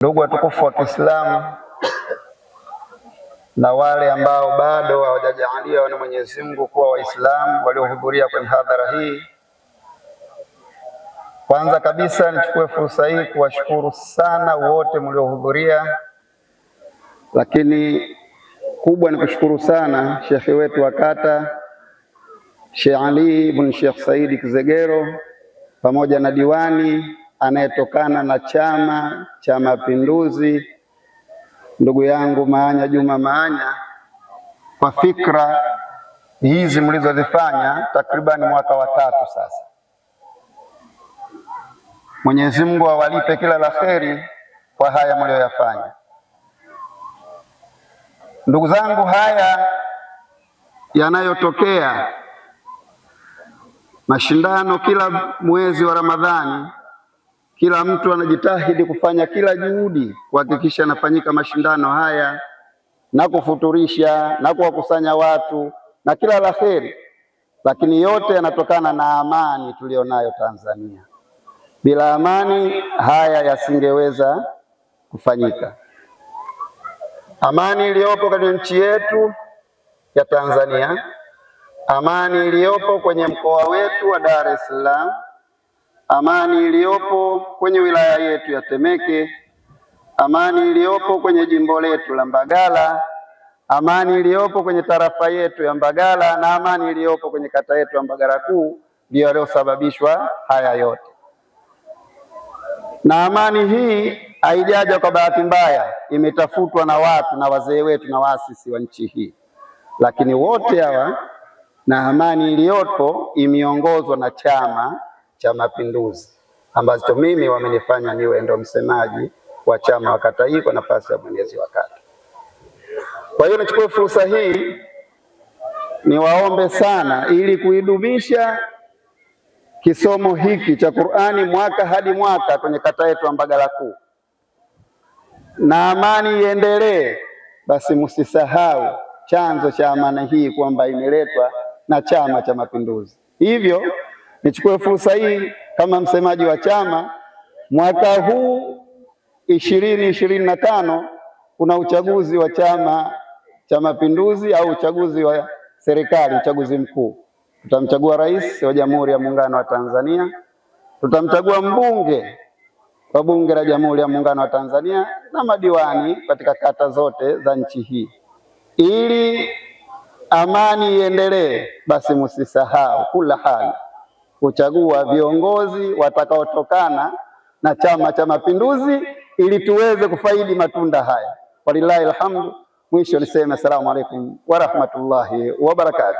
Ndugu watukufu wa Kiislamu na wale ambao bado hawajajaliwa na Mwenyezi Mungu kuwa Waislamu waliohudhuria kwenye hadhara hii, kwanza kabisa nichukue fursa hii kuwashukuru sana wote mliohudhuria, lakini kubwa ni kushukuru sana shekhe wetu wa kata Sheikh Ali ibn Sheikh Saidi Kizegero pamoja na diwani anayetokana na Chama cha Mapinduzi, ndugu yangu Maanya Juma Maanya, kwa fikra hizi mlizozifanya takribani mwaka wa tatu sasa. Mwenyezi Mungu awalipe kila la kwa haya mliyoyafanya. Ndugu zangu, haya yanayotokea mashindano kila mwezi wa Ramadhani kila mtu anajitahidi kufanya kila juhudi kuhakikisha anafanyika mashindano haya na kufuturisha na kuwakusanya watu na kila la heri, lakini yote yanatokana na amani tuliyonayo Tanzania. Bila amani haya yasingeweza kufanyika. Amani iliyopo kwenye nchi yetu ya Tanzania, amani iliyopo kwenye mkoa wetu wa Dar es Salaam amani iliyopo kwenye wilaya yetu ya Temeke, amani iliyopo kwenye jimbo letu la Mbagala, amani iliyopo kwenye tarafa yetu ya Mbagala na amani iliyopo kwenye kata yetu ya Mbagala Kuu ndiyo yaliyosababishwa haya yote. Na amani hii haijaja kwa bahati mbaya, imetafutwa na watu na wazee wetu na waasisi wa nchi hii, lakini wote hawa na amani iliyopo imeongozwa na chama cha Mapinduzi ambacho mimi wamenifanya niwe ndo msemaji wa chama wa kata hii kwa nafasi ya mwenyezi wa kata. Kwa hiyo nichukue fursa hii niwaombe sana, ili kuidumisha kisomo hiki cha Qur'ani mwaka hadi mwaka kwenye kata yetu ya Mbagala Kuu na amani iendelee, basi msisahau chanzo cha amani hii kwamba imeletwa na Chama cha Mapinduzi. Hivyo Nichukue fursa hii kama msemaji wa chama, mwaka huu ishirini ishirini na tano kuna uchaguzi wa Chama cha Mapinduzi au uchaguzi wa serikali, uchaguzi mkuu. Tutamchagua rais wa Jamhuri ya Muungano wa Tanzania, tutamchagua mbunge wa Bunge la Jamhuri ya Muungano wa Tanzania na madiwani katika kata zote za nchi hii. Ili amani iendelee, basi msisahau kula hali kuchagua viongozi watakaotokana na Chama cha Mapinduzi ili tuweze kufaidi matunda haya. Walillahi alhamdu. Mwisho niseme assalamu alaikum warahmatullahi wabarakatuh.